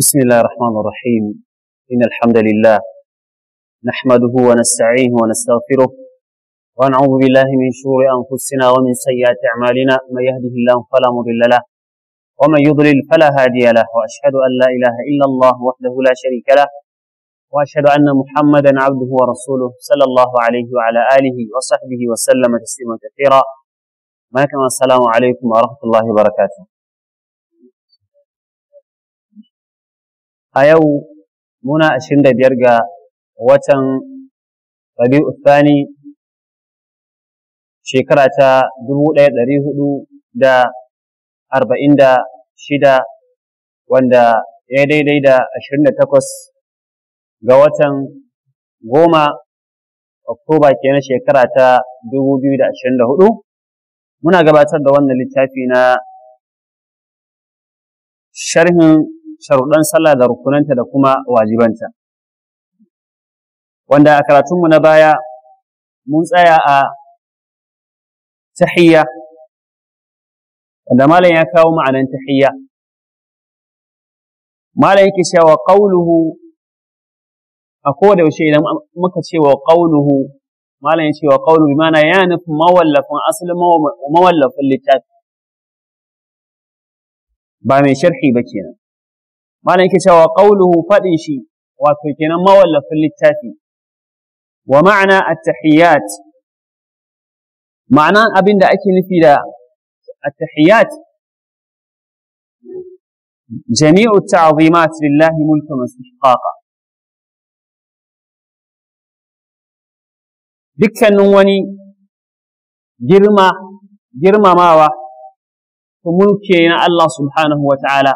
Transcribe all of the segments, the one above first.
بسم الله الرحمن الرحيم إن الحمد لله نحمده ونستعينه ونستغفره ونعوذ بالله من شرور أنفسنا ومن سيئات أعمالنا من يهده الله فلا مضل له ومن يضلل فلا هادي له وأشهد أن لا إله إلا الله وحده لا شريك له وأشهد أن محمدا عبده ورسوله صلى الله عليه وعلى آله وصحبه وسلم تسليما كثيرا ما كان السلام عليكم ورحمة الله وبركاته a yau muna ashirin da biyar ga watan Rabi'u Thani shekara ta dubu ɗaya ɗari huɗu da arba'in da shida wanda ya daidai da ashirin da takwas ga watan goma Oktoba kenan shekara ta dubu biyu da ashirin da huɗu. muna gabatar da wannan littafi na sharhin sharuɗan sallah da rukunanta da kuma wajibanta wanda a karatunmu na baya mun tsaya a tahiyya wanda malam ya kawo ma'anan tahiyya malam yake cewa qauluhu a koda yaushe idan muka ce wa qauluhu malam ya ce wa qauluhu bi ma'ana ya nufi mawallafin asalin mawallafin littafi ba mai sharhi ba kenan malam yake cewa qauluhu fadin shi wato kenan mawallafin littafi wa ma'ana at-tahiyyat ma'anan abin da ake nufi da at-tahiyyat jami'u ta'zimat lillahi mulkan istiqaqa dukkanin wani girma girmamawa mulke na Allah subhanahu wa ta'ala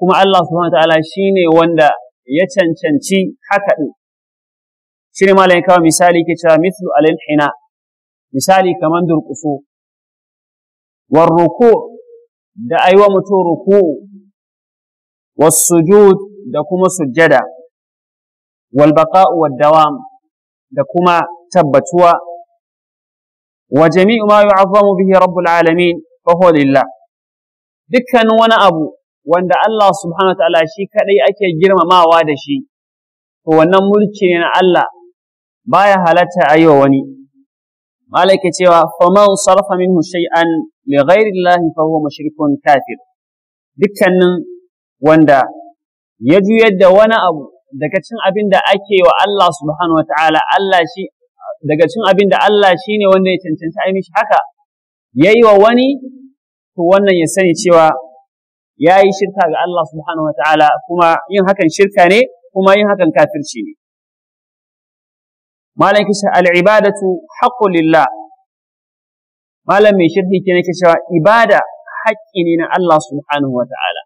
kuma Allah subhanahu wa ta'ala shine wanda ya cancanci haka din shine malai kawo misali ke cewa mithlu alil hina misali kaman durƙuso war ruku da aiwa mutum ruku was sujud da kuma sujjada wal baqa'u wad dawam da kuma tabbatuwa wa jami'u ma yu'azzamu bihi rabbul alamin fa huwa lillah dukkan wani abu wanda Allah subhanahu ta'ala shi kadai ake girmamawa da shi to wannan mulki ne na Allah baya halatta ayi wa wani malaka cewa faman sarfa minhu shay'an li ghairi Allah fa huwa mushrikun kafir dukkanin wanda ya juyar da wani abu daga cin abin da ake wa Allah subhanahu ta'ala Allah shi daga cin abin da Allah shi ne wanda ya cancanta a mishi haka ya yi wa wani to wannan ya sani cewa ya yi shirka ga Allah subhanahu wa ta'ala kuma yin hakan shirka ne kuma yin hakan kafirci ne malam kisha al'ibadatu haqqu lillah malam mai shirki ke ne cewa ibada haƙƙi ne na Allah subhanahu wa ta'ala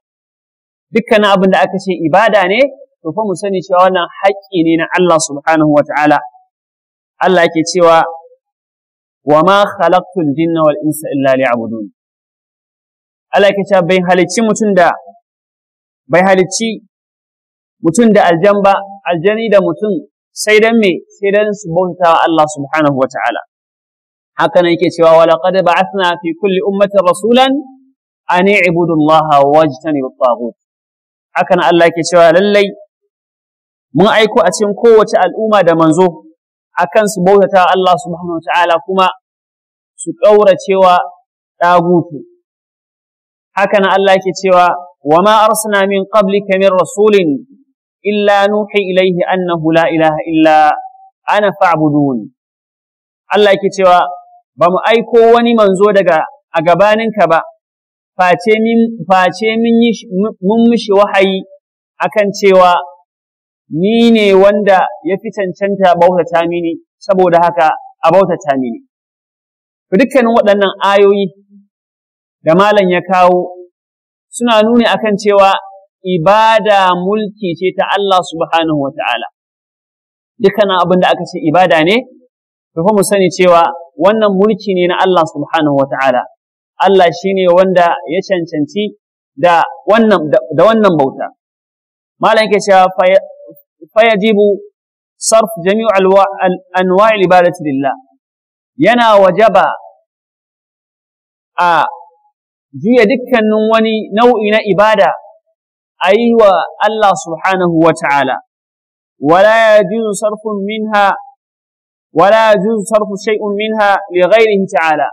dukkanin abin da aka ce ibada ne to fa mu sani cewa wannan haƙƙi ne na Allah subhanahu wa ta'ala Allah yake cewa wa ma khalaqtul jinna wal insa illa liya'budun Allah yake cewa bai halicci mutum da bai halicci mutum da aljan ba aljani da mutum sai dan me sai dan su bauta Allah subhanahu wa ta'ala haka nan yake cewa wala ba'athna fi kulli ummatin rasulan an i'budu Allah wajtanibu at-taghut haka Allah yake cewa lallai mun aiko a cikin kowace al'umma da manzo akan su bautata Allah subhanahu wa ta'ala kuma su kaura wa ɗagutu haka na Allah ke cewa wa ma arsana min qablika kamar rasulin illa nuhi ilaihi annahu la ilaha illa ana fa'budun Allah ke cewa ba mu aiko wani manzo daga a gabaninka ba face min face min mun mishi wahayi akan cewa ni ne wanda ya fi cancanta bautata mini saboda haka a bautata mini dukkanin waɗannan ayoyi da malam ya kawo suna nuni akan cewa ibada mulki ce ta Allah subhanahu wa ta'ala. Dukkanin abin da aka ce ibada ne, fa mu sani cewa wannan mulki ne na Allah subhanahu wa ta'ala. Allah shi ne wanda ya cancanci da wannan, da wannan bauta. Malam ke cewa fayajibu sarf jami'u anwa'il ibadati lillah yana wajaba a juya dukkanin wani nau'i na ibada a yi wa Allah subhanahu wa ta'ala, wala ya juzu sarfun minha, wala ya juzu sarfu shay'un minha li ghairihi ta'ala,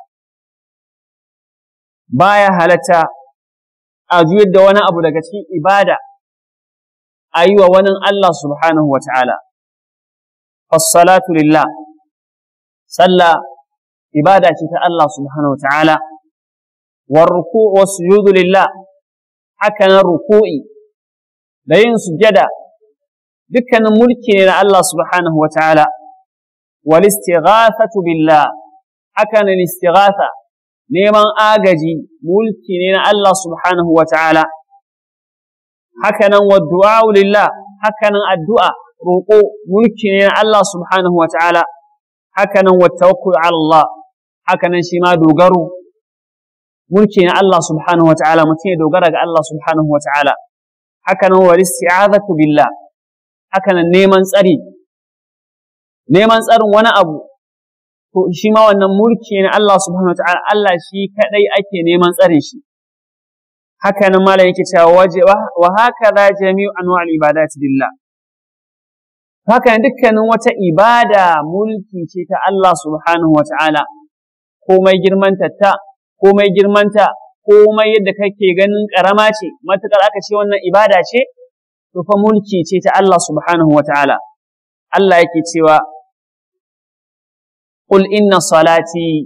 baya halatta a juyar da wani abu daga cikin ibada a yi wa wani Allah subhanahu wa ta'ala. Fassalatu lillah, sallah ibada ce ta Allah subhanahu wa ta'ala. والركوع والسجود لله حكنا ركوعي لين سجدا دكنا ملكي إلى الله سبحانه وتعالى والاستغاثة بالله حكنا الاستغاثة نيما آجي ملكي إلى الله سبحانه وتعالى حكنا والدعاء لله حكنا الدعاء ركوع ملكي إلى الله سبحانه وتعالى حكنا والتوكل على الله حكنا شما دوغرو mulki na Allah subhanahu wa ta'ala mutum ya dogara ga Allah subhanahu wa ta'ala haka nan wal isti'azatu billah haka nan neman tsari neman tsarin wani abu to shi ma wannan mulki na Allah subhanahu wa ta'ala Allah shi kadai ake neman tsarin shi haka nan malam yake cewa waje wa haka za jami'u anwa'al ibadati billah haka dukkanin wata ibada mulki ce ta Allah subhanahu wa ta'ala komai girman ta komai girmanta komai yadda kake ganin karama ce matukar aka ce wannan ibada ce to fa mulki ce ta Allah subhanahu wataala Allah yake cewa qul inna salati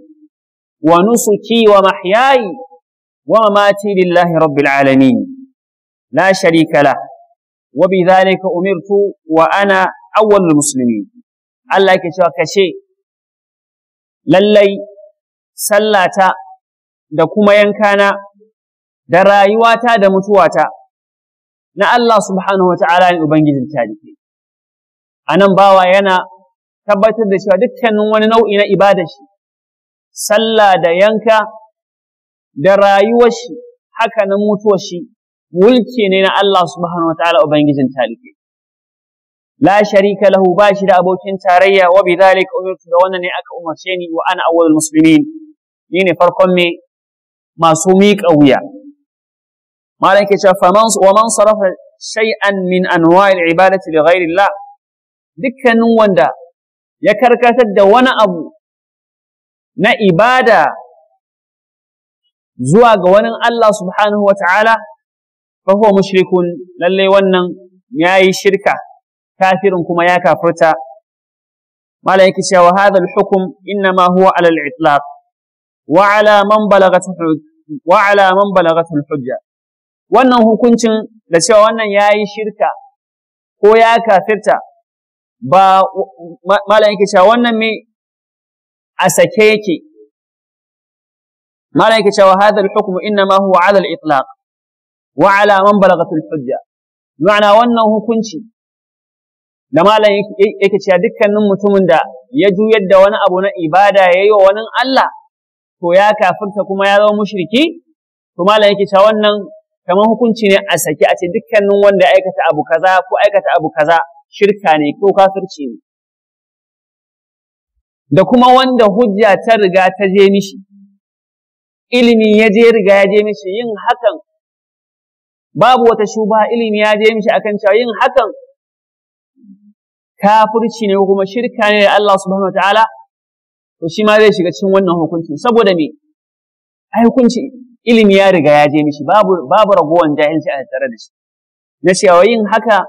wa nusuki wa mahyayi wa mamati lillahi rabbil alamin la sharika la wa bidhalika umirtu wa ana awwalul muslimin Allah yake cewa kashe lallai sallata da kuma yankana da rayuwata da mutuwata na Allah subhanahu wa ta'ala ne Ubangijin tarihi. A nan bawa yana tabbatar da cewa dukkanin wani nau'i na ibada shi, sallah da yanka da rayuwar shi haka na mutuwar shi mulki ne na Allah subhanahu wa ta'ala Ubangijin talibai. La sharika lahu ba shi da abokin tarayya wa bi zalika umirtu da wannan ne aka umarce ni wa ana awwalul muslimin ni ne farkon me masu miƙa wuya malam yake cewa faman wa man sarafa shay'an min anwa'il ibadati li ghairillah dukkanin wanda ya karkatar da wani abu na ibada zuwa ga wani Allah subhanahu wa ta'ala, fahuwa mushrikun lallai wannan ya yi shirka, kafirin kuma ya kafirta. Malam yake cewa hadha al-hukum innama huwa ala al-itlaq وعلى من بلغت وعلى من بلغت الحجة wannan hukuncin da cewa wannan ya yi shirka ko ya kafirta ba malam yake cewa wannan me a sake yake malam yake cewa hadha al-hukmu innama huwa ala al-itlaq wa ala man balagat al-hujja ma'ana wannan hukunci da malam yake cewa dukkanin mutumin da ya juyar da wani abu na ibada yayi wa wani Allah to ya kafirta kuma ya zama mushriki to malam yake cewa wannan kamar hukunci ne a saki a ce dukkanin wanda aikata abu kaza ko aikata abu kaza shirka ne ko kafirci ne da kuma wanda hujja ta riga ta je mishi ilimi ya je riga ya je mishi yin hakan babu wata shuba ilimi ya je mishi akan cewa yin hakan kafirci ne kuma shirka ne da Allah subhanahu wataala to shi ma zai shiga cikin wannan hukunci saboda me ai hukunci ilimi ya riga ya je mishi babu babu ragowan jahilci a tare da shi na cewa yin haka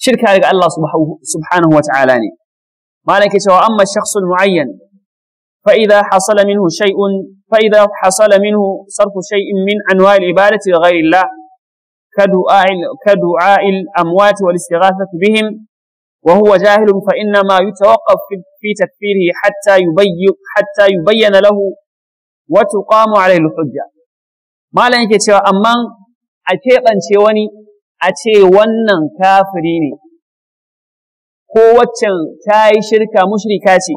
shirka daga Allah subhanahu wa ta'ala ne malaka cewa amma shakhsul muayyan fa idha hasala فإذا حصل منه شيء فإذا حصل منه صرف شيء من أنواع العبادة لغير الله كدعاء كدعاء الأموات والاستغاثة بهم وهو جاهل فإنما يتوقف في تكفيره حتى يبين حتى يبين له وتقام عليه الحجة ما لن يكتشف أما A شواني أتي ونن كافريني kowaccen ta yi shirka mushrika ce,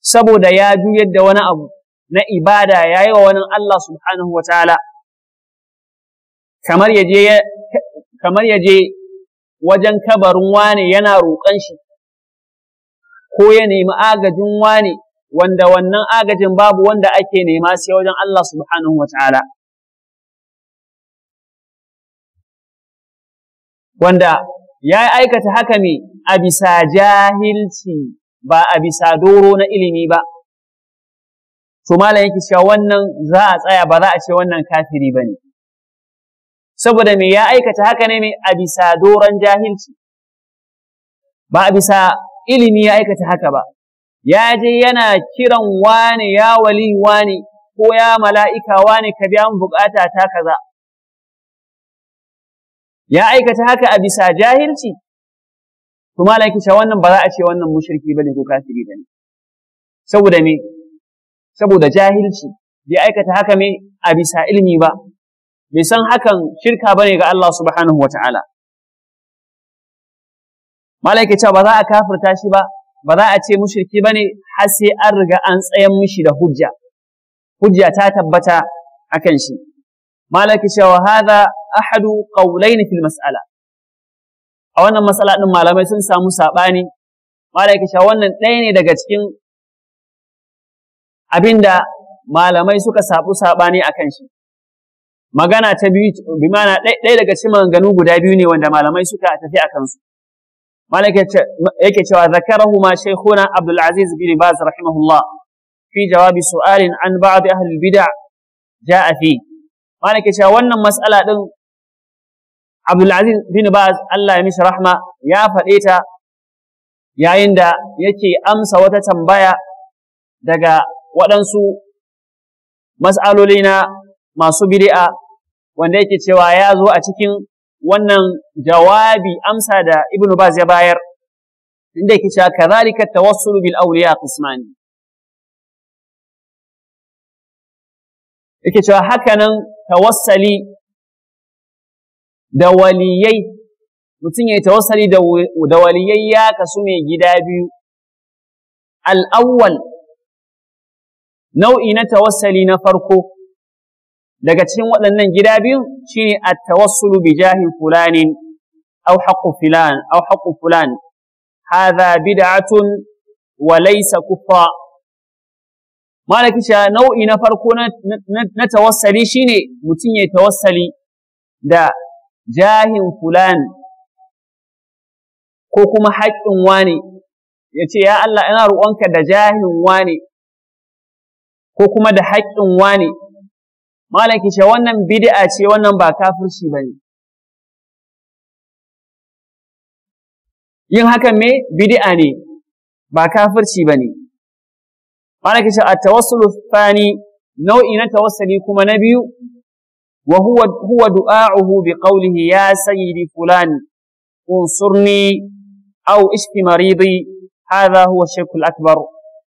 saboda ya juyar da wani abu na ibada ya yi wa wani Allah subhanahu wa ta'ala, kamar ya je wajen kabarin wane yana roƙon shi, ko ya nemi agajin wane wanda wannan agajin babu wanda ake nema sai wajen Allah subhanahu wa ta'ala. Wanda ya aikata haka me a bisa jahilci ba a bisa doro na ilimi ba. To malam yake cewa wannan za a tsaya ba za a ce wannan kafiri ba ne. saboda me ya aikata haka ne me a bisa doron jahilci ba a bisa ilimi ya aikata haka ba ya je yana kiran wane ya wali wane ko ya mala'ika wane ka biya min bukata ta kaza ya aikata haka a bisa jahilci to malaki ce wannan ba za a ce wannan mushriki bane ko kafiri bane saboda me saboda jahilci bai aikata haka me a bisa ilimi ba bai san hakan shirka bane ga Allah subhanahu wata'ala malaika cewa ba za a kafirta shi ba ba za a ce mushriki bane har sai an riga an tsayan mishi da hujja hujja ta tabbata akan shi malaika cewa hadha ahadu qawlayn fil mas'ala a wannan mas'ala din malamai sun samu sabani malaika wannan ɗaya ne daga cikin abinda malamai suka sabu sabani akan shi magana ta biyu bi mana ɗaya daga cikin maganganu guda biyu ne wanda malamai suka tafi a kansu malaka yake cewa zakarahuma shaykhuna abdul aziz bin baz rahimahullah fi jawabi su'alin an ba'd ahli bid'a ja'a fi malaka cewa wannan mas'ala din abdul aziz bin baz Allah ya mishi rahma ya faɗe ta yayin da yake amsa wata tambaya daga waɗansu mas'aloli na masu bid'a wanda yake cewa ya zo a cikin wannan jawabi amsa da Ibn Baz ya bayar inda yake cewa kazalika tawassul bil awliya qismani yake cewa hakanan tawassali da waliyai mutum ya tawassali da waliyai ya kasu mai gida biyu al'awwal nau'i na tawassali na farko daga cikin waɗannan gida biyu shine at-tawassulu bi jahi fulanin aw haqqu fulan aw haqqu fulan hadha bid'atun wa laysa kufra malaki sha nau'i na farko na tawassali shine mutum ya tawassali da jahin fulan ko kuma haƙƙin wani ya ce ya Allah ina roƙonka da jahin wani ko kuma da haƙƙin wani. malam ki ce wannan bid'a ce wannan ba kafirci bane yin hakan me bid'a ne ba kafirci bane malam ki ce a tawassul thani nau'i na tawassuli kuma na biyu wa huwa huwa du'a'uhu bi qawlihi ya sayyidi fulan unsurni aw ishfi maridi hadha huwa shirkul akbar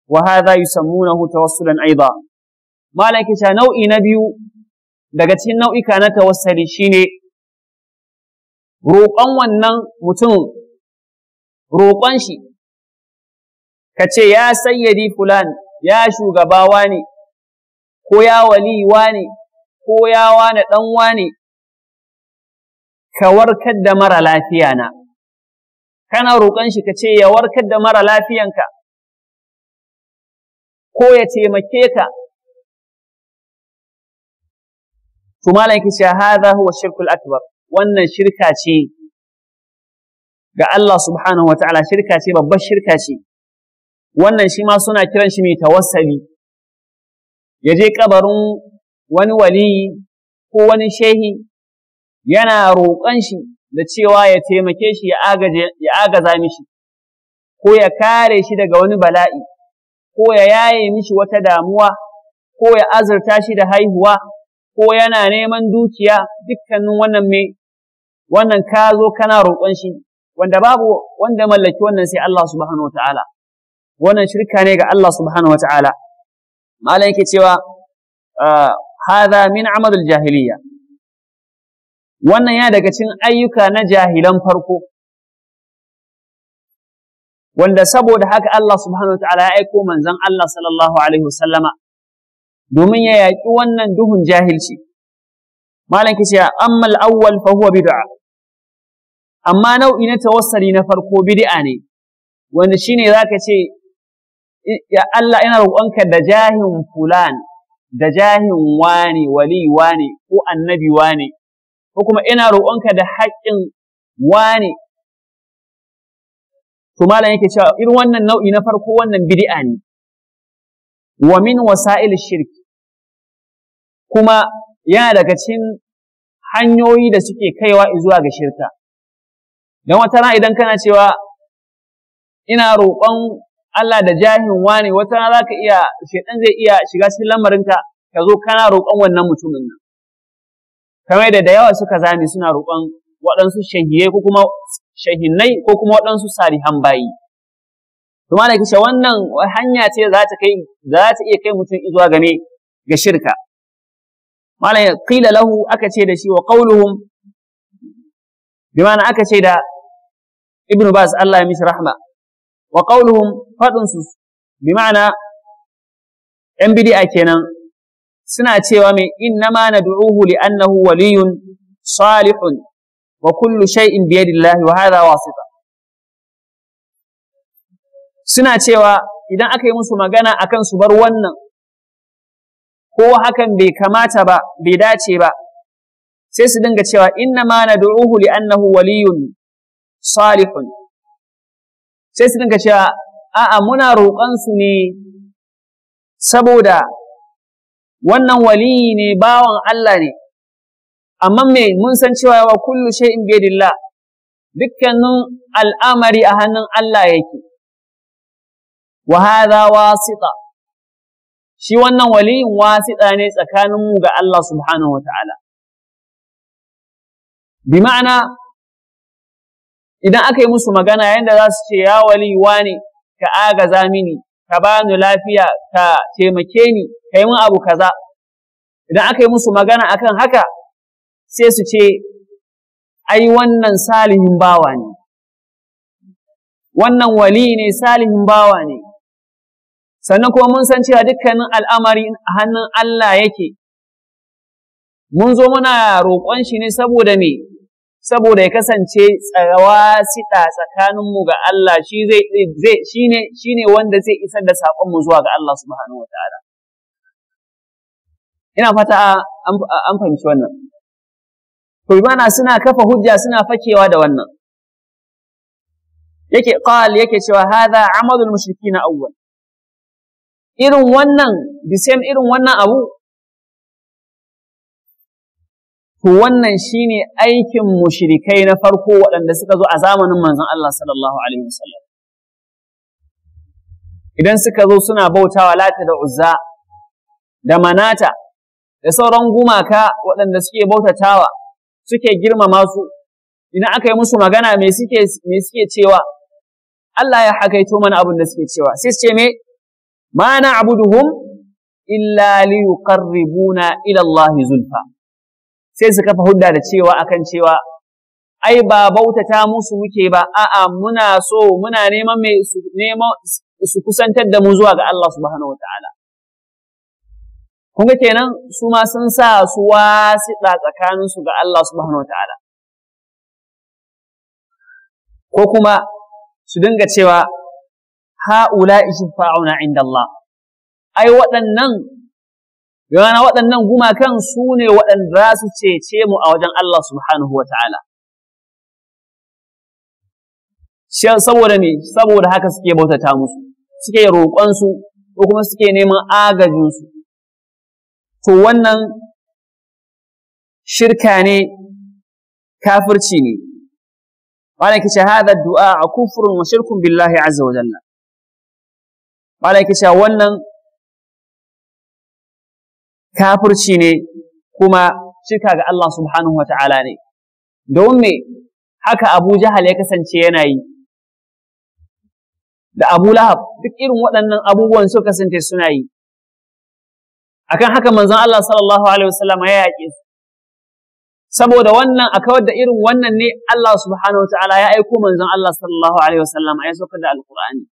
وهذا يسمونه توسلا أيضا malam ta nau'i na biyu daga cikin nau'ika na tawassali shine roƙon wannan mutum roƙon shi ka ce ya sayyadi fulan ya shugaba wani ko ya wali wani ko ya wani ɗan wani ka warkar da mara lafiya na kana roƙon shi ka ce ya warkar da mara lafiyanka ko ya taimake ka to malam yake cewa hadha huwa shirkul akbar wannan shirka ce ga Allah subhanahu wataala shirka ce babbar shirka ce wannan shi ma suna kiran shi mai tawassali ya je kabarin wani waliyi ko wani shehi yana roƙon shi da cewa ya taimake shi ya agaza mishi ko ya kare shi daga wani bala'i ko ya yaye mishi wata damuwa ko ya azurta shi da haihuwa ko yana neman dukiya dukkanin wannan me wannan ka zo kana roƙon shi wanda babu wanda mallaki wannan sai Allah subhanahu wataala wannan shirka ne ga Allah subhanahu wataala malam yake cewa ah, hadha min amal jahiliya wannan yana daga cikin ayyuka na jahilan farko wanda saboda haka Allah subhanahu wataala ya aiko manzon Allah sallallahu alaihi wasallama domin ya yaƙi wannan duhun jahilci malam kice amma al-awwal fa huwa bid'a amma nau'i na tawassali na farko bid'a ne wanda shine ka ce ya Allah ina roƙonka da jahin fulan da jahin wani wali wani ko annabi wani ko kuma ina roƙonka da haƙƙin wani to malam yake cewa irin wannan nau'i na farko wannan bid'a ne wa min wasa'il shirk kuma yana daga cikin hanyoyi da suke kaiwa zuwa ga shirka Dan wata rana idan kana cewa ina roƙon Allah da jahin wani wata rana zaka iya shedan zai iya shiga cikin lamarinka ka zo kana roƙon wannan mutumin nan kamar da da yawa suka zame suna roƙon waɗansu shahiye ko kuma shahinnai ko kuma waɗansu salihan bayi to malai kishe wannan hanya ce za ta kai za ta iya kai mutum zuwa game ga shirka malai qila lahu aka ce da shi wa qauluhum bi ma'ana aka ce da ibnu bas Allah ya mishi rahma wa qauluhum fadun su bi ma'ana yan bid'a kenan suna cewa mai innama nad'uhu li annahu waliyun salihun wa kullu shay'in bi yadillahi wa hadha wasita suna cewa idan aka yi musu magana akan su bar wannan ko hakan bai kamata ba bai dace ba sai su dinga cewa inna ma nad'uhu li annahu waliyun salihun sai su dinga cewa a'a muna roƙon su ne saboda wannan waliyi ne bawan Allah ne amma me mun san cewa wa kullu shay'in biyadillah dukkanin al'amari a hannun Allah yake wa hadha wasita shi wannan waliyin wasita ne tsakanin mu ga Allah subhanahu wataala bi ma'ana idan aka yi musu magana yanda za su ce ya wali ne ka agaza mini ka bani lafiya ka taimake ni ka yi min abu kaza idan aka yi musu magana akan haka sai su ce ai wannan salihin bawa ne wannan wali ne salihin bawa ne sannan kuma mun san cewa dukkanin al'amari hannun Allah yake mun zo muna roƙon shi ne saboda me saboda ya kasance tsarawa siɗa tsakaninmu ga Allah shi zai shine shine wanda zai isar da saƙonmu zuwa ga Allah subhanahu wataala ina fata an fahimci wannan to imana suna kafa hujja suna fakewa da wannan yake qal yake cewa hadha amalul na awwal irin wannan the irin wannan abu to wannan shine aikin mushrikai na farko waɗanda suka zo a zamanin manzon Allah sallallahu alaihi wasallam idan suka zo suna bautawa Lati da uzza da manata da sauran gumaka waɗanda suke bautatawa suke girmama su idan aka yi musu magana me suke cewa Allah ya hakaito mana abin da suke cewa sai su ce me ma na'buduhum illa liyuqarribuna ila Allah zulfa sai su kafa hudda da cewa akan cewa ai ba bautata musu muke ba a'a muna so muna neman mai su neman su kusantar da mu zuwa ga Allah subhanahu wataala kun ga kenan su ma sun sa su wasiɗa tsakanin su ga Allah subhanahu wataala ko kuma su dinga cewa ha'ula'i shufa'una inda Allah ai waɗannan yana waɗannan gumakan su ne waɗanda za su cece mu a wajen Allah subhanahu wa ta'ala saboda ne saboda haka suke bautata musu suke roƙonsu ko kuma suke neman agajinsu to wannan shirka ne kafirci ne wani kice hada du'a a kufurin wa shirkun billahi azza wa jalla mala yake cewa wannan kafirci ne kuma shirka ga Allah subhanahu wata'ala ne don me haka Abu Jahal ya kasance yana yi da Abu Lahab duk irin waɗannan abubuwan su kasance suna yi akan haka manzon Allah sallallahu alaihi wasallam ya yaƙe su saboda wannan a kawar da irin wannan ne Allah subhanahu wata'ala ya aiko manzon Allah sallallahu alaihi wasallam ya saukar da alqur'ani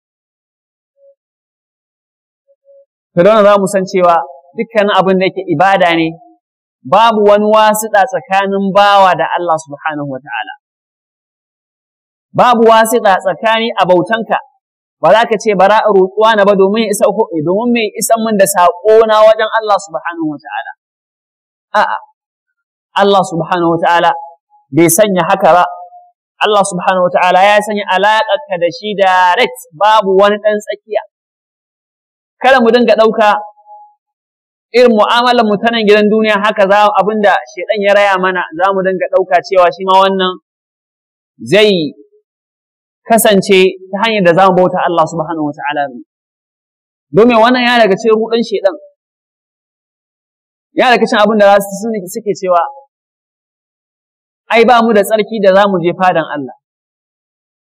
to za mu san cewa dukkanin abin da yake ibada ne babu wani wasiɗa tsakanin bawa da Allah subhanahu wa ta'ala babu wasiɗa tsakani a bautanka ba za ka ce bara a roƙuwa na ba domin isa eh, domin mai isan min da saƙo na wajen Allah subhanahu wa ta'ala a'a Allah subhanahu wa ta'ala bai sanya haka ba Allah subhanahu wa ta'ala ya sanya ka da shi direct babu wani ɗan tsakiya kada mu dinga ɗauka irin mu'amalar mu ta nan gidan duniya haka za abinda shedan ya raya mana za mu dinga ɗauka cewa shi ma wannan zai kasance ta hanyar da za mu bauta Allah subhanahu wa ta'ala domin wannan ya daga cikin rudan shedan ya daga cikin abin su suke cewa ai ba mu da tsarki da za mu je fadan Allah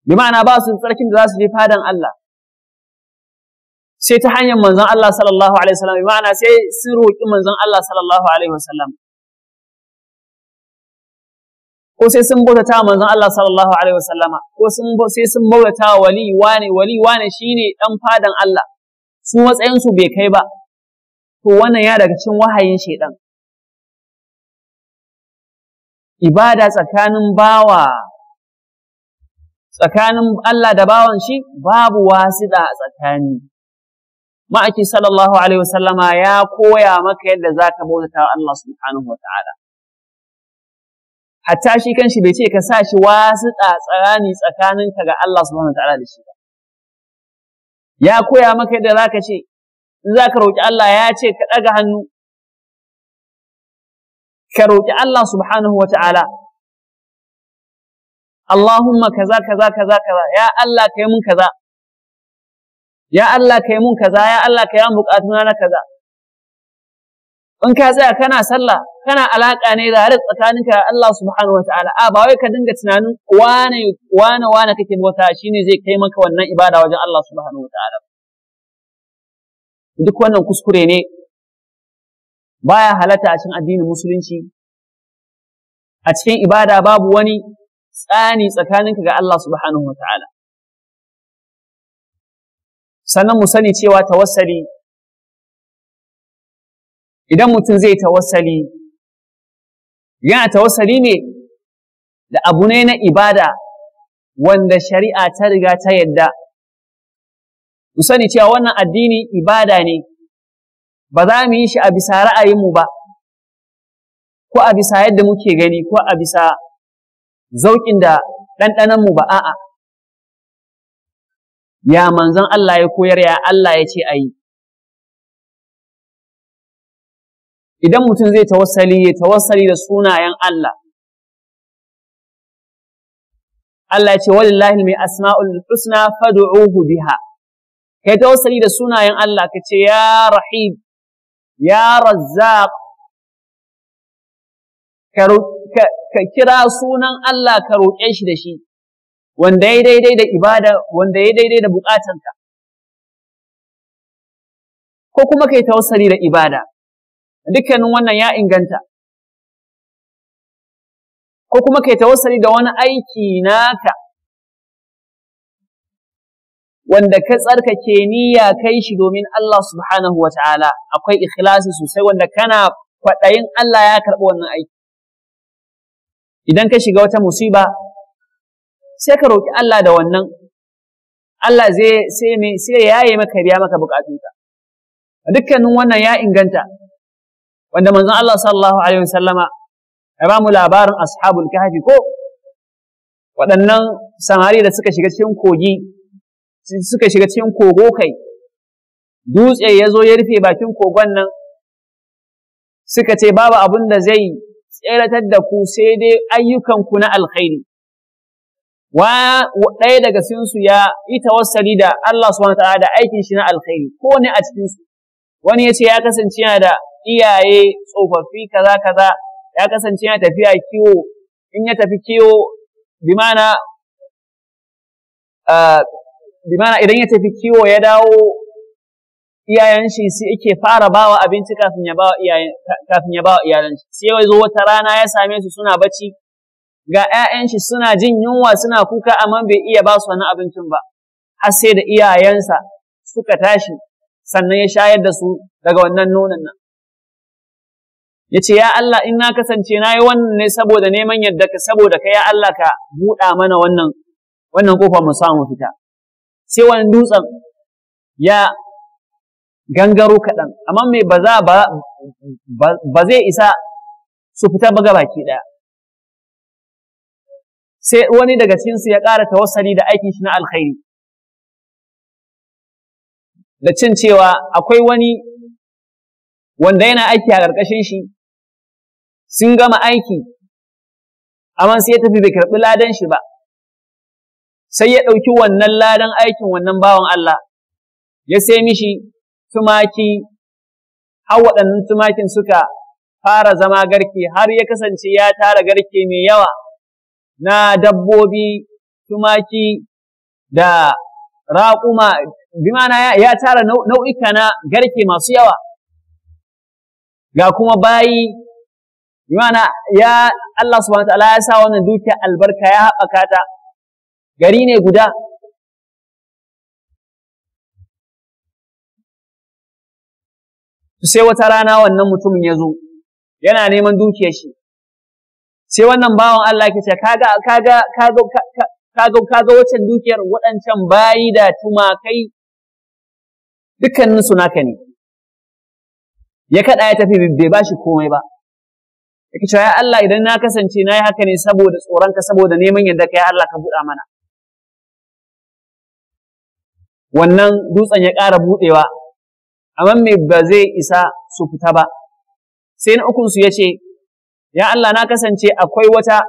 bi ma'ana ba su tsarkin da za su je fadan Allah sai ta hanyar manzon Allah sallallahu alaihi wasallam ma'ana sai sun roƙi manzon Allah sallallahu alaihi wasallam ko sai sun bautata wa manzon Allah sallallahu alaihi wasallam ko sun sai sun bautata wa wali wane wali wane shine dan fadan Allah su matsayin su bai kai ba to wannan ya daga cikin wahayin shedan ibada tsakanin bawa tsakanin Allah da bawan shi babu wasida a tsakani ma'aiki sallallahu alaihi wasallama ya koya maka yadda za ka bautata Allah subhanahu wa ta'ala hatta shi kanshi bai ce ka sa shi wasu tsarani tsakaninka ga Allah subhanahu wa ta'ala da shi ba ya koya maka yadda za ka ce in za ka roƙi Allah ya ce ka ɗaga hannu ka roƙi Allah subhanahu wa ta'ala Allahumma kaza kaza kaza kaza ya Allah ka yi mun kaza ya Allah kai mun kaza ya Allah kai mun bukatu na kaza in ka tsaya kana sallah kana alaka ne da harin tsakaninka ka Allah subhanahu wataala a ba wai ka dinga tunanin wane wane wane kake bauta ne zai kai maka wannan ibada wajen Allah subhanahu wataala duk wannan kuskure ne baya halatta a cikin addinin musulunci a cikin ibada babu wani tsani tsakaninka ga Allah subhanahu wataala sannan mu sani cewa tawassali idan mutum zai tawassali yana tawassali ne da abu ne na ibada wanda shari'a ta riga ta yadda mu sani cewa wannan addini ibada ne ba za mu yi shi a bisa ra'ayin mu ba ko a bisa yadda muke gani ko a bisa zauƙin da mu ba a'a ya manzon Allah ya koyar ya Allah ya ce a yi. Idan mutum zai tawassali ya tawassali da sunayen Allah. Allah ya ce Wallahi mai asma'ul husna fad'uhu biha. Kai tawassali da sunayen Allah ka ce ya Rahim, ya Razzaq. Ka kira sunan Allah ka roƙe shi da shi. wanda ya daidai da ibada wanda ya daidai da bukatanka ko kuma kai tawassali da ibada dukkanin wannan ya inganta ko kuma kai tausari da wani aiki naka wanda ka tsarkake niyya kai shi domin Allah subhanahu wa ta'ala akwai ikhlasi sosai wanda kana kwaɗayin Allah ya karɓi wannan aiki idan ka shiga wata musiba sai ka roƙi Allah da wannan Allah zai sai ya sai yaye maka biya maka bukatunka dukkanin wannan ya inganta wanda manzon Allah sallallahu alaihi wasallama ya ba mu labarin ashabul kahfi ko waɗannan samari da suka shiga cikin kogi suka shiga cikin kogo kai dutse ya zo ya rufe bakin kogon nan suka ce babu abin da zai tseratar da ku sai dai ayyukanku na alkhairi wa ɗaya daga cikinsu ya yi tawassali da Allah subhanahu wa ta'ala da aikin shi na alkhairi ko ne a cikinsu wani ya ce ya kasance yana da iyaye tsofaffi kaza kaza ya kasance yana tafiya kiwo in ya tafi kiwo bimana bimana idan ya tafi kiwo ya dawo iyayen shi su yake fara bawa abinci kafin ya bawa iyayen kafin ya bawa iyalan shi sai ya wata rana ya same su suna bacci ga 'ya'yan shi suna jin yunwa suna kuka amma bai iya ba su wani abincin ba har sai da iyayensa suka tashi sannan ya shayar da su daga wannan nonon nan ya ce ya Allah in na kasance na yi wannan ne saboda neman yadda ka saboda ka ya Allah ka buɗa mana wannan wannan kofar mu samu fita sai wani dutsen ya gangaro kaɗan amma mai ba za ba zai isa su fita ba baki ɗaya sai wani daga cikinsu ya ƙara tawassali da aikin shi na alkhairi da cin cewa akwai wani wanda yana aiki a ƙarƙashin shi sun gama aiki amma sai ya tafi bai karɓi ladan shi ba sai ya ɗauki wannan ladan aikin wannan bawan Allah ya sai mishi tumaki har waɗannan tumakin suka fara zama garke har ya kasance ya tara garke mai yawa na dabbobi tumaki da raƙuma bimana ya tara nau'ika na garke masu yawa ga kuma bayi bimana ya Allah subhanahu ta'ala ya sa wannan dukiya albarka ya haɓaka ta gari ne guda sai wata rana wannan mutumin ya zo yana neman dukiyar shi sai wannan bawan Allah ke ce kaga kaga kaga kaga kaga waccan dukiyar waɗancan bayi da tumakai dukkanin su naka ne ya kaɗa ya tafi bai bashi komai ba yake cewa ya Allah idan na kasance na yi haka ne saboda tsoronka saboda neman yadda ka ya Allah ka buɗa mana wannan dutsen ya ƙara buɗewa amma me ba zai isa su fita ba sai na ukunsu ya ce ya Allah na kasance akwai wata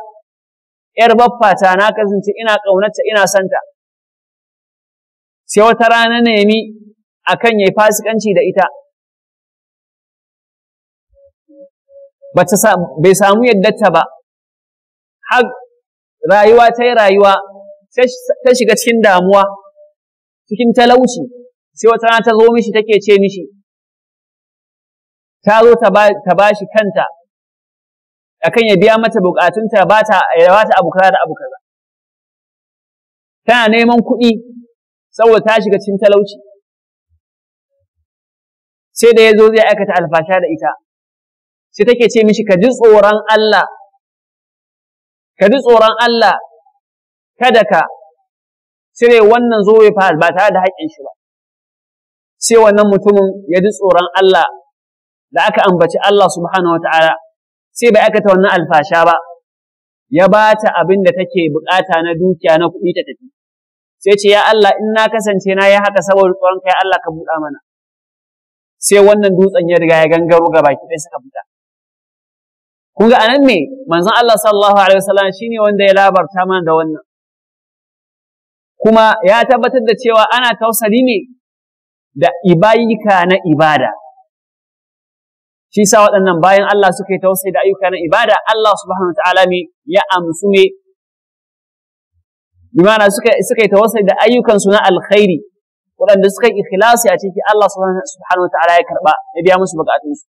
‘yar baffata na kasance ina ƙaunarta ina santa, sai wata rana nemi a kan ya yi fasikanci da ita, bai samu yadda ta ba, har rayuwa ta yi rayuwa ta shiga cikin damuwa, cikin talauci, sai wata rana ta zo mishi take ce mishi, ta zo ta ba shi kanta. akan ya biya mata bukatunta ba ta ya ba ta abu da abu kaza tana neman kuɗi saboda ta shiga cikin talauci sai da ya zo zai aikata alfasha da ita sai take ce mishi ka ji tsoron Allah ka ji tsoron Allah kada ka cire wannan zo ya fa'al ba tare da haƙƙin shi ba sai wannan mutumin ya ji tsoron Allah da aka ambaci Allah subhanahu wa sai bai aikata wannan alfasha ba ya ba ta abin da take bukata na dukiya na kuɗi ta tafi sai ce ya Allah in na kasance na yi haka saboda tsoron kai Allah ka buɗa mana sai wannan dutsen ya riga ya gangaro ga baki ɗaya suka fita kun ga anan ne manzon Allah sallallahu alaihi wasallam shine wanda ya labarta mana da wannan kuma ya tabbatar da cewa ana tausari ne da ibayika na ibada shi sa waɗannan bayan Allah suka yi tausayi da ayyuka na ibada Allah subhanahu wataala ne ya amsu ne imana suka suka yi tausayi da ayyukansu na alkhairi waɗanda suka yi ikhlasi a ciki Allah subhanahu wataala ya karba ya biya musu bukatunsu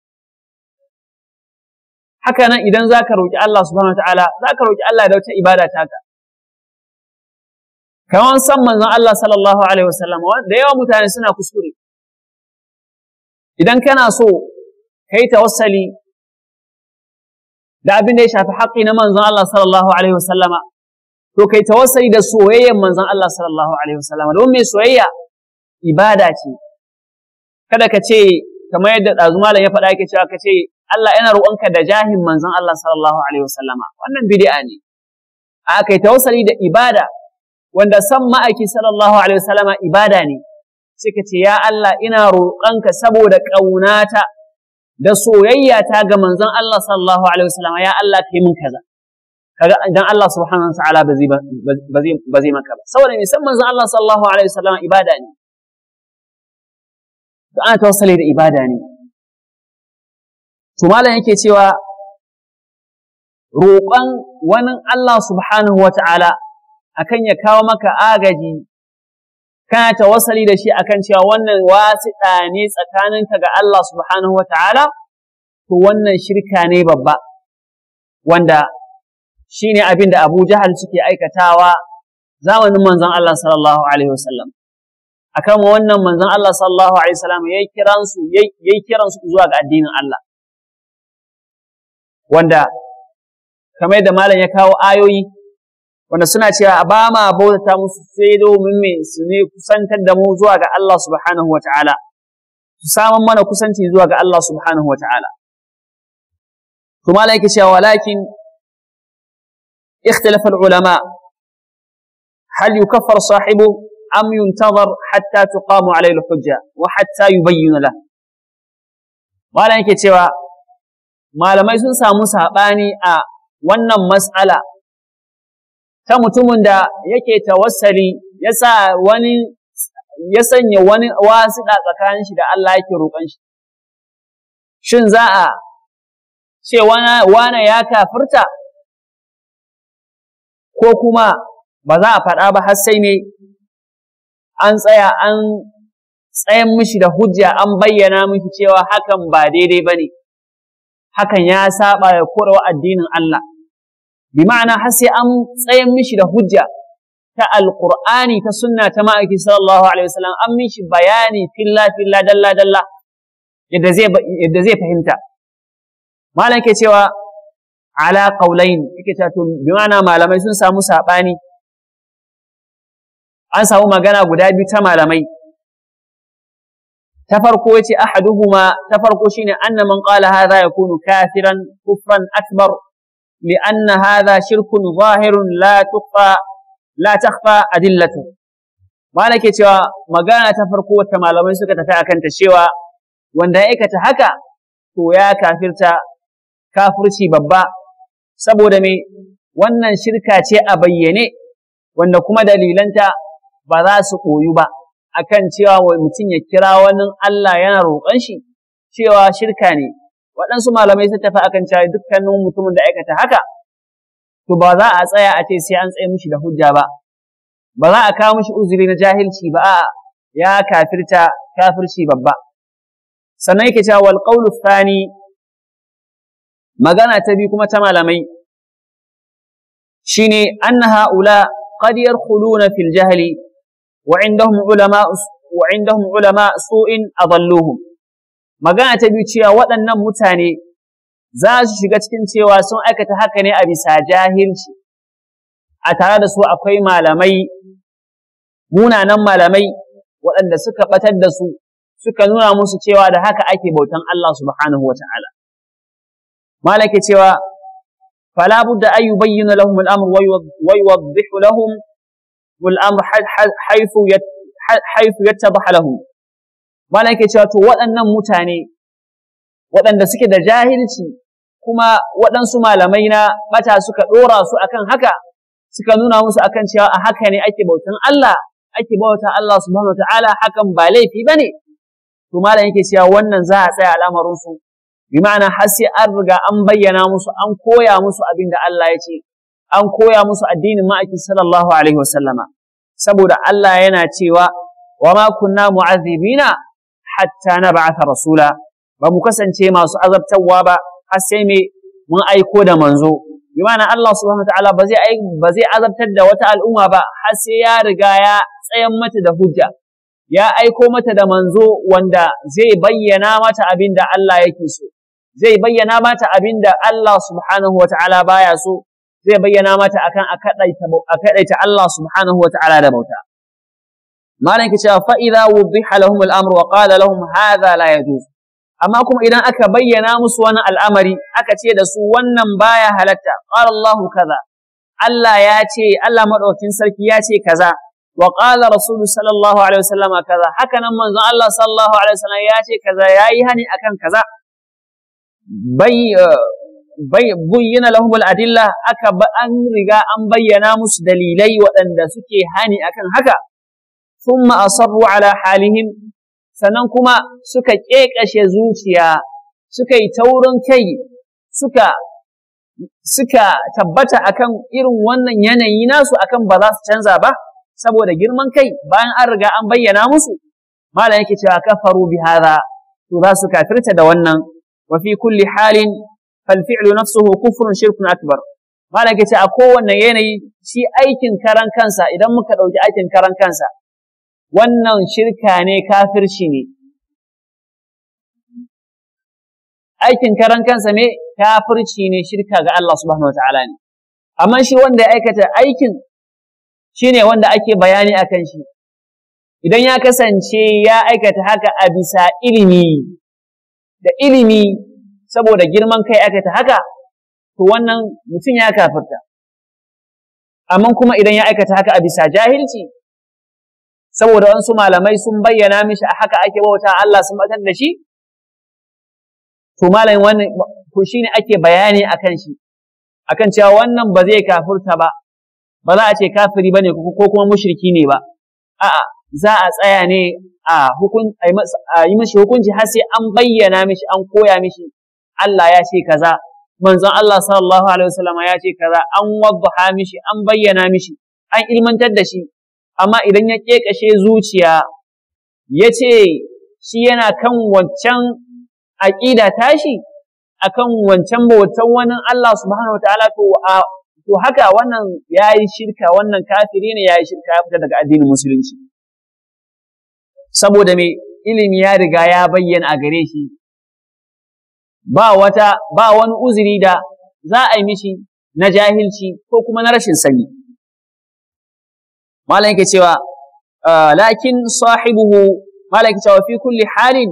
haka nan idan za ka roƙi Allah subhanahu wataala za ka roƙi Allah da wata ibada taka kamar san manzon Allah sallallahu alaihi wasallam da yawa mutane suna kuskure idan kana so kai tawassali da abin da ya shafi haƙƙi na manzon Allah sallallahu alaihi wasallama to kai tawassali da soyayyar manzon Allah sallallahu alaihi wasallama don mai soyayya ibada ce kada ka ce kamar yadda ɗazu malam ya faɗa yake cewa ka ce Allah yana roƙonka da jahin manzon Allah sallallahu alaihi wasallama wannan bid'a ne a kai tawassali da ibada wanda san ma'aiki sallallahu alaihi wasallama ibada ne sai ka ce ya Allah ina roƙonka saboda ƙaunata da soyayya ta ga manzon Allah sallallahu alaihi wasallam ya Allah kai min kaza kaga dan Allah subhanahu wa ta'ala ba zai ba zai maka ba saboda me san manzon Allah sallallahu alaihi wasallam ibada ne to ana tawassali da ibada ne to malam yake cewa roƙon wani Allah subhanahu wa ta'ala akan ya kawo maka agaji kana tawassali da shi akan cewa wannan wasiɗa ne tsakaninka ga Allah subhanahu wa ta'ala, to wannan shirka ne babba, wanda shi ne abin da Abu Jahal suke aikatawa zamanin manzon Allah sallallahu Alaihi wasallam. Akan wannan manzon Allah sallallahu Alaihi wasallam ya yi kiransu zuwa ga addinin Allah. Wanda, kamar da malam ya kawo ayoyi wanda suna cewa abama ma bauta musu sai domin me su ne kusantar da mu zuwa ga Allah subhanahu wataala su samu mana kusanci zuwa ga Allah subhanahu wataala kuma laiki cewa walakin اختلف alulama هل يكفر صاحبه أم ينتظر حتى تقام عليه الحجة وحتى يبين له ما لك cewa malamai sun samu saɓani a wannan mas'ala ta mutumin da yake tawassali ya sa wani ya sanya wani wasiɗa tsakanin shi da Allah yake roƙon shi shin za a ce wana ya kafirta ko kuma ba za a faɗa ba har sai ne an tsaya an tsayan mishi da hujja an bayyana mishi cewa hakan ba daidai ba ne hakan ya saɓa ya korawa addinin Allah bi ma'ana har sai an tsayan mishi da hujja ta alqur'ani ta sunna ta ma'aiki sallallahu alaihi wasallam an mishi bayani filla filla dalla dalla yadda zai yadda zai fahimta malam ke cewa ala qaulain yake to bi ma'ana malamai sun samu sabani an samu magana guda biyu ta malamai ta farko yace ahaduhuma ta farko shine anna man qala hadha yakunu kafiran kufran akbar لأن هذا شرك ظاهر لا تخفى لا تخفى أدلته ما لك cewa magana ta farko wata malamai suka tafi akan ta cewa wanda ya aikata haka to ya kafirta kafirci babba saboda me wannan shirka ce a bayyane wanda kuma dalilanta ba za su koyu ba akan cewa mutum ya kira wani Allah yana roƙon shi cewa shirka ne waɗansu malamai sun tafi akan cewa dukkanin mutumin da aikata haka to ba za a tsaya a ce sai an tsaye mishi da hujja ba ba za a kawo mishi uzuri na jahilci ba a ya kafirta kafirci babba sannan yake cewa wal qawlu thani magana ta biyu kuma ta malamai shine anna haula qad yarkhuluna fil jahli wa indahum ulama wa indahum ulama su'in adalluhum magana ta biyu cewa waɗannan mutane za su shiga cikin cewa sun aikata haka ne a bisa jahilci a tare da su akwai malamai munanan malamai waɗanda suka ɓatar da su suka nuna musu cewa da haka ake bautan Allah subhanahu wa ta'ala malaki cewa fala budda an yubayyana lahum al-amr wa yuwaddihu lahum al-amr haythu yattabaha lahum malam yake cewa to waɗannan mutane waɗanda suke da jahilci kuma waɗansu malamai na bata suka ɗora su akan haka suka nuna musu akan cewa a haka ne ake bautan Allah ake bauta Allah subhanahu wataala hakan ba laifi bane to malam yake cewa wannan za a tsaya al'amarin su bi ma'ana har sai an riga an bayyana musu an koya musu abin da Allah ya ce an koya musu addinin ma'aiki sallallahu alaihi wasallama saboda Allah yana cewa wa ma kunna mu'azzibina hatta na ba'atha rasula ba mu kasance masu azabtarwa ba har sai me mun aiko da manzo bi ma'ana Allah subhanahu wataala ba zai ba zai azabtar da wata al'umma ba har sai ya riga ya tsayan mata da hujja ya aiko mata da manzo wanda zai bayyana mata abin da Allah yake so zai bayyana mata abinda Allah subhanahu wataala baya so zai bayyana mata akan a kaɗaita Allah subhanahu wa da bauta. malam ke cewa fa'iza wuddiha lahum al'amru wa qala lahum la yajuz amma kuma idan aka bayyana musu wani al'amari aka ce da su wannan baya halatta qala Allahu kaza Allah ya ce Allah madaukakin sarki ya ce kaza wa qala rasul sallallahu alaihi wasallam kaza haka nan manzon Allah sallallahu alaihi wasallam ya ce kaza yayi hani kan kaza bai eh, bai buyyana lahum adilla aka an riga an bayyana musu dalilai waɗanda suke hani akan haka thumma asabu ala halihim sannan kuma suka ƙeƙashe zuciya suka yi taurin kai suka suka tabbata akan irin wannan yanayi nasu akan ba za su canza ba saboda girman kai bayan an riga an bayyana musu malam yake cewa kafaru bi hadha to za su kafirta da wannan wa fi kulli halin fal fi'lu nafsuhu kufrun shirkun akbar malam yake cewa a kowanne yanayi shi aikin karan kansa idan muka ɗauki aikin karan kansa wannan shirka ne kafirci ne aikin karan kansa ne kafirci ne shirka ga Allah subhanahu wataala ne amma shi wanda ya aikata aikin shine wanda ake bayani akan shi idan ya kasance ya aikata haka a bisa ilimi da ilimi saboda girman kai aikata haka to wannan mutum ya kafirta amma kuma idan ya aikata haka a bisa jahilci saboda wasu malamai sun bayyana mishi a haka ake bauta Allah sun batar da shi to malamin wannan to shine ake bayani akan shi akan cewa wannan ba zai kafirta ba ba za a ce kafiri bane ko kuma mushriki ne ba a'a za a tsaya ne a hukun a yi mishi hukunci har sai an bayyana mishi an koya mishi Allah ya ce kaza manzon Allah sallallahu alaihi wasallam ya ce kaza an waddaha mishi an bayyana mishi an ilmantar da shi amma idan ya ƙeƙashe zuciya ya ce shi yana kan wancan aƙida tashi akan wancan bautan wani Allah subhanahu wa ta'ala to to haka wannan yayi shirka wannan kafiri ne yayi shirka ya fita daga addinin musulunci saboda me ilimi ya riga ya bayyana a gare shi ba wata ba wani uzuri da za a yi mishi na jahilci ko kuma na rashin sani malam yake cewa ah, lakin sahibuhu malam yake cewa fi kulli halin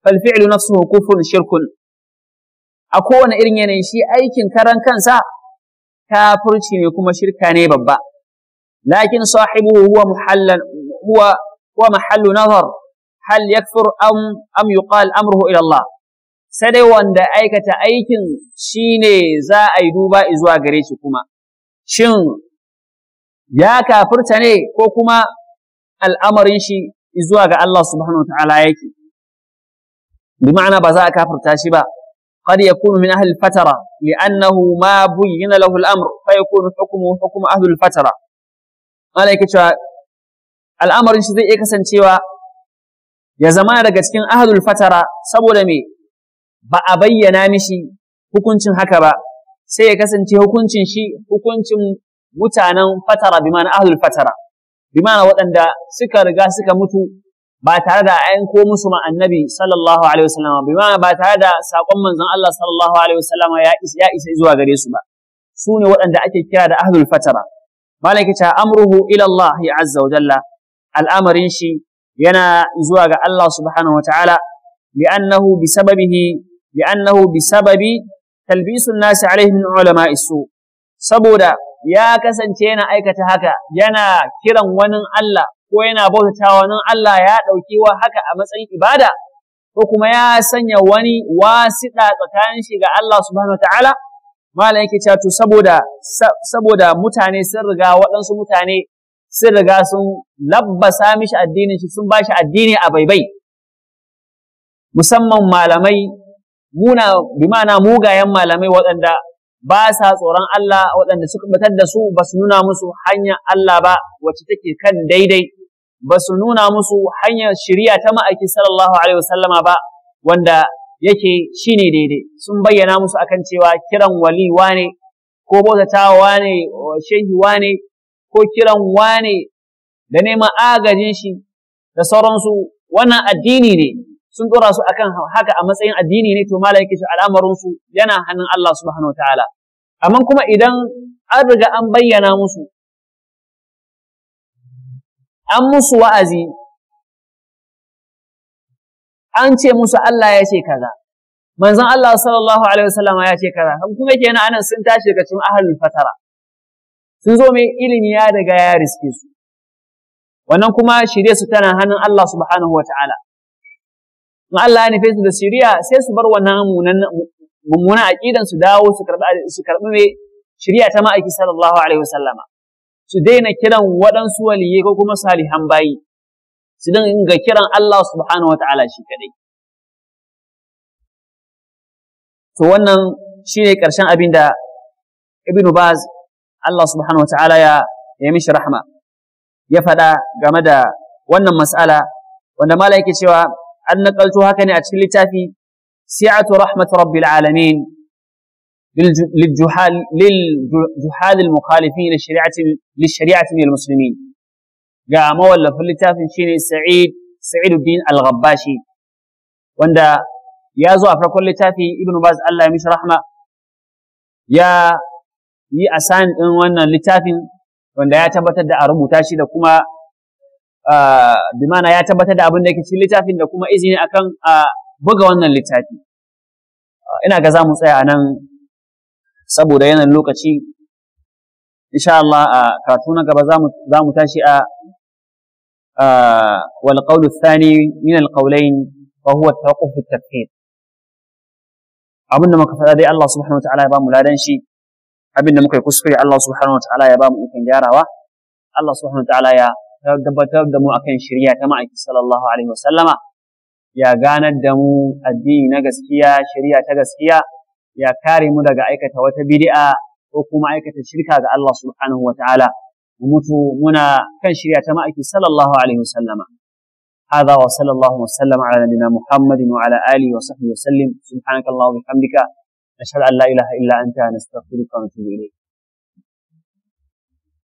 fal fi'lu nafsuhu kufrun shirkun a kowane irin yanayi shi aikin karan kansa kafirci ne kuma shirka ne babba lakin sahibuhu huwa muhallan huwa huwa mahallu nazar hal yakfur am am yuqal amruhu ila Allah sai dai wanda aikata aikin shine za a yi duba zuwa gare shi kuma shin ya kafirta ne ko kuma al'amarin shi zuwa ga Allah subhanahu wa ta'ala yake bi ma'ana ba za a kafirta shi ba قد يكون من أهل الفترة لأنه ما بين له الأمر فيكون حكمه حكم أهل الفترة قال cewa al'amarin shi zai iya kasancewa ya zama daga cikin أهل fatara saboda me ba a bayyana mishi hukuncin haka ba sai ya kasance hukuncin shi hukuncin mutanen fatara bi ma'ana ahlul fatara bi waɗanda suka riga suka mutu ba tare da ayan ko musu ma annabi sallallahu alaihi wasallam bi ma'ana ba tare da sakon manzon Allah sallallahu alaihi wasallam ya isa ya isa zuwa gare su ba su ne waɗanda ake kira da ahlul fatara malaka ta amruhu ila Allah azza wa jalla al'amarin shi yana zuwa ga Allah subhanahu wa ta'ala li'annahu bisababihi li'annahu bisababi talbisun nasi alaihi min ulama'i su saboda ya kasance yana aikata haka yana kiran wani Allah ko yana bautawa wani Allah ya ɗauki wa haka a matsayin ibada ko kuma ya sanya wani wasiɗa tsakanin shi ga Allah subhanahu wataala malam yake cewa to saboda saboda mutane sun riga waɗansu mutane sun riga sun labbasa mishi addinin shi sun bashi addini a baibai musamman malamai muna bi mana mugayen malamai waɗanda ba sa tsoron Allah waɗanda suka batar da su ba su nuna musu hanyar Allah ba wacce take kan daidai ba su nuna musu hanyar shiriya ta ma'aiki sallallahu alaihi wasallama ba wanda yake shine daidai sun bayyana musu akan cewa kiran wali wane ko bautatawa wane shehi wane ko kiran wane da neman agajin shi da sauransu wannan addini ne sun dora su akan haka a matsayin addini ne to malai yake al'amarin su yana hannun Allah subhanahu wataala amma kuma idan an riga an bayyana musu an musu wa'azi an ce musu Allah ya ce kaza manzon Allah sallallahu alaihi wasallama ya ce kaza kuma kenan anan sun tashi daga cikin ahlul fatara sun zo mai ilimi ya riga ya riske su wannan kuma shirye su tana hannun Allah subhanahu wataala in Allah ya nufe su da shiriya sai su bar wannan mummunan aqidan su dawo su karba su karbi me shiriya ta ma'aiki sallallahu alaihi wasallama su daina kiran waɗansu waliyai ko kuma salihan bayi su dinga kiran Allah subhanahu wataala shi kadai to wannan shine karshen abin da Ibn Baz Allah subhanahu wataala ya ya mishi rahma ya faɗa game da wannan mas'ala wanda malam yake cewa أن قلت هكذا أتشل تافي سعة رحمة رب العالمين للجحال, للجحال المخالفين للشريعة للشريعة للمسلمين قام ولا فل شيني سعيد سعيد الدين الغباشي وأن يا زو كل تافي ابن باز الله مش رحمة يا يا أسان إن لتافي وندا يا تبتدأ رموتاشي دكما bimana ya tabbatar da abin da yake cikin littafin da kuma izini akan buga wannan littafi ina ga za mu tsaya a nan saboda yanayin lokaci insha Allah a karatu na gaba za mu tashi a wal qawlu thani min al qawlayn fa huwa tawaqquf fi tafsir abinda muka faɗa dai Allah subhanahu wa ta'ala ya mu ladan shi abinda muka yi kuskure Allah subhanahu wa ta'ala ya mu ikon gyarawa Allah subhanahu wa ta'ala ya ta gabatar da mu akan shirya ta ma'aiki sallallahu alaihi wasallama ya ganar da mu addini na gaskiya shirya ta gaskiya ya kare mu daga aikata wata bid'a ko kuma aikata shirka ga Allah subhanahu wa ta'ala mu mutu muna kan shirya ta ma'aiki sallallahu alaihi wasallama هذا وصلى الله وسلم على نبينا محمد وعلى اله وصحبه وسلم سبحانك اللهم وبحمدك نشهد ان لا اله الا انت نستغفرك ونتوب اليك